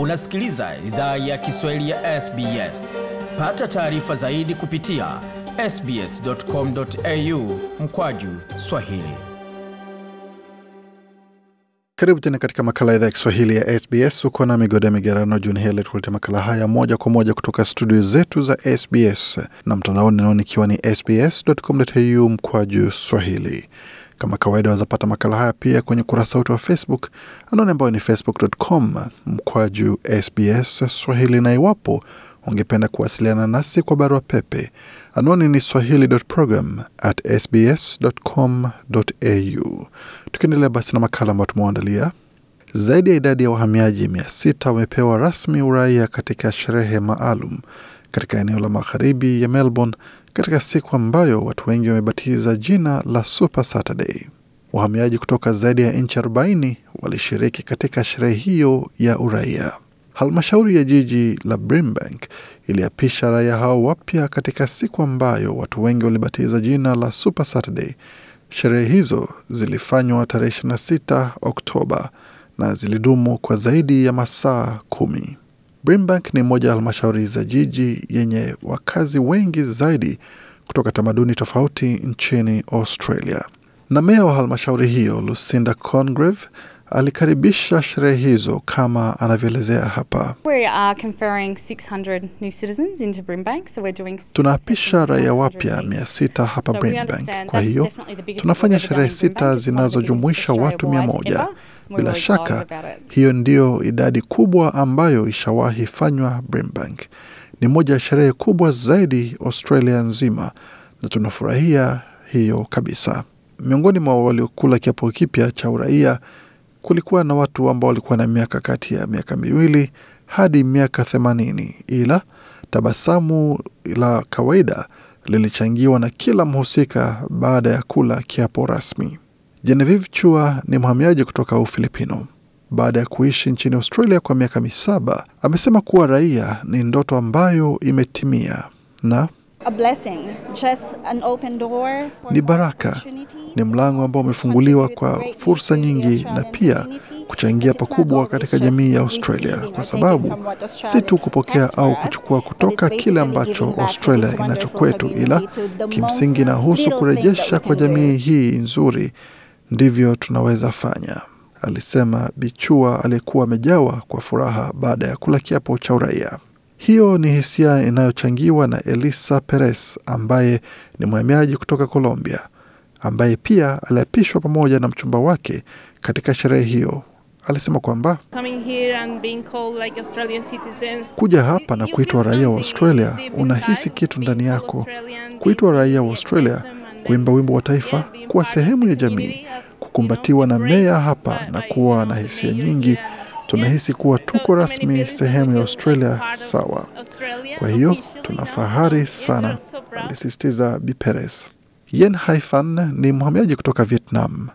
Unasikiliza idhaa ya Kiswahili ya SBS. Pata taarifa zaidi kupitia sbs.com.au mkwaju swahili. Karibu tena katika makala idhaa ya Kiswahili ya SBS. Uko na ya Migerano Juni hele tukulete makala haya moja kwa moja kutoka studio zetu za SBS na mtandaoni, naoni ikiwa ni sbs.com.au mkwaju swahili. Kama kawaida, wazapata makala haya pia kwenye ukurasa wetu wa Facebook anaone ambayo ni facebook.com mkwaju SBS Swahili, na iwapo ungependa kuwasiliana nasi kwa barua pepe anwani ni swahili.program@sbs.com.au. Tukiendelea basi na makala ambayo tumewaandalia, zaidi ya idadi ya wahamiaji mia sita wamepewa rasmi uraia katika sherehe maalum katika eneo la magharibi ya Melbourne katika siku ambayo watu wengi wamebatiza jina la Super Saturday. Wahamiaji kutoka zaidi ya nchi 40 walishiriki katika sherehe hiyo ya uraia. Halmashauri ya jiji la Brimbank iliapisha raia hao wapya katika siku ambayo watu wengi walibatiza jina la Super Saturday. Sherehe hizo zilifanywa tarehe 26 Oktoba na zilidumu kwa zaidi ya masaa kumi. Brimbank ni moja ya halmashauri za jiji yenye wakazi wengi zaidi kutoka tamaduni tofauti nchini Australia, na meya wa halmashauri hiyo Lucinda Congreve alikaribisha sherehe hizo kama anavyoelezea hapa. So tunaapisha raia wapya mia sita hapa so Brimbank. Kwa hiyo tunafanya sherehe sita zinazojumuisha watu mia moja bila shaka hiyo ndiyo idadi kubwa ambayo ishawahi fanywa Brimbank. Ni moja ya sherehe kubwa zaidi Australia nzima, na tunafurahia hiyo kabisa. Miongoni mwa waliokula kiapo kipya cha uraia kulikuwa na watu ambao walikuwa na miaka kati ya miaka miwili hadi miaka themanini, ila tabasamu la kawaida lilichangiwa na kila mhusika baada ya kula kiapo rasmi. Genevieve Chua ni mhamiaji kutoka Ufilipino baada ya kuishi nchini Australia kwa miaka misaba. Amesema kuwa raia ni ndoto ambayo imetimia na A blessing. Just an open door for ni baraka, ni mlango ambao umefunguliwa kwa fursa nyingi na pia kuchangia pakubwa katika jamii ya Australia, kwa sababu si tu kupokea au kuchukua kutoka kile ambacho Australia inacho kwetu, ila kimsingi inahusu kurejesha kwa jamii hii nzuri ndivyo tunaweza fanya, alisema Bichua aliyekuwa amejawa kwa furaha baada ya kula kiapo cha uraia. Hiyo ni hisia inayochangiwa na Elisa Perez ambaye ni mhamiaji kutoka Colombia ambaye pia aliapishwa pamoja na mchumba wake katika sherehe hiyo. Alisema kwamba kuja hapa na kuitwa raia wa Australia, unahisi kitu ndani yako. Kuitwa raia wa Australia kuimba wimbo wa taifa, kuwa sehemu ya jamii, kukumbatiwa na meya hapa na kuwa na hisia nyingi. Tunahisi kuwa tuko rasmi sehemu ya Australia sawa, kwa hiyo tuna fahari sana, alisisitiza bperes Yen Haifan ni mhamiaji kutoka Vietnam,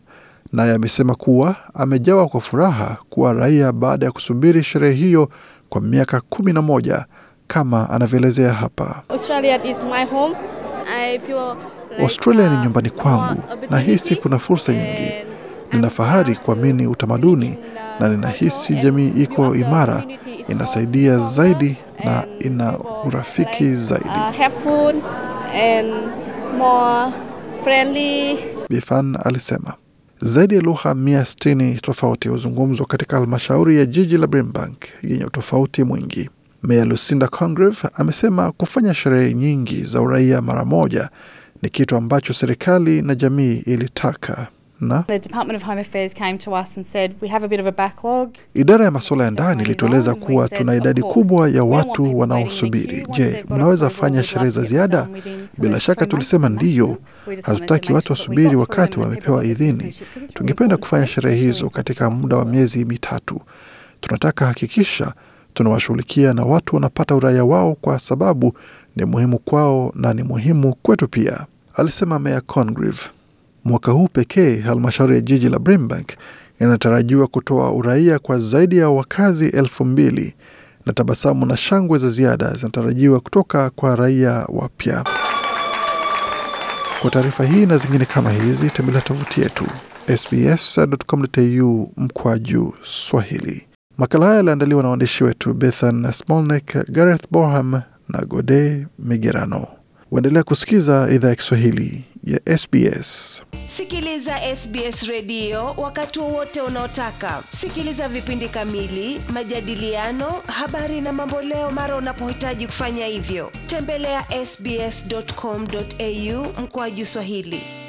naye amesema kuwa amejawa kwa furaha kuwa raia baada ya kusubiri sherehe hiyo kwa miaka kumi na moja kama anavyoelezea hapa. Australia is my home. I feel Australia ni uh, nyumbani kwangu, uh, nahisi kuna fursa nyingi. Nina fahari kuamini utamaduni uh, na ninahisi jamii iko imara, inasaidia zaidi na ina urafiki zaidi. Bifan alisema zaidi ya lugha mia sitini tofauti huzungumzwa katika halmashauri ya jiji la Brimbank yenye utofauti mwingi. Meya Lucinda Congreve amesema kufanya sherehe nyingi za uraia mara moja ni kitu ambacho serikali na jamii ilitaka. Na idara ya masuala ya ndani ilitueleza kuwa tuna idadi kubwa ya watu wanaosubiri. Je, mnaweza fanya sherehe za ziada? Bila shaka tulisema ndiyo. Hatutaki watu wasubiri wakati wamepewa idhini. Tungependa kufanya sherehe hizo katika muda wa miezi mitatu. Tunataka hakikisha tunawashughulikia na watu wanapata uraia wao, kwa sababu ni muhimu kwao na ni muhimu kwetu pia alisema meya Congreve. Mwaka huu pekee halmashauri ya jiji la Brimbank inatarajiwa kutoa uraia kwa zaidi ya wakazi elfu mbili na tabasamu na shangwe za ziada zinatarajiwa kutoka kwa raia wapya. Kwa taarifa hii na zingine kama hizi tembelea tovuti yetu sbs.com.au mkwaju Swahili. Makala haya yaliandaliwa na waandishi wetu Bethan Smolnik, Gareth Borham na Gode Migerano. Waendelea kusikiza idhaa ya Kiswahili ya SBS. Sikiliza SBS redio wakati wowote unaotaka. Sikiliza vipindi kamili, majadiliano, habari na mamboleo mara unapohitaji kufanya hivyo. Tembelea ya sbs.com.au mkoaji Swahili.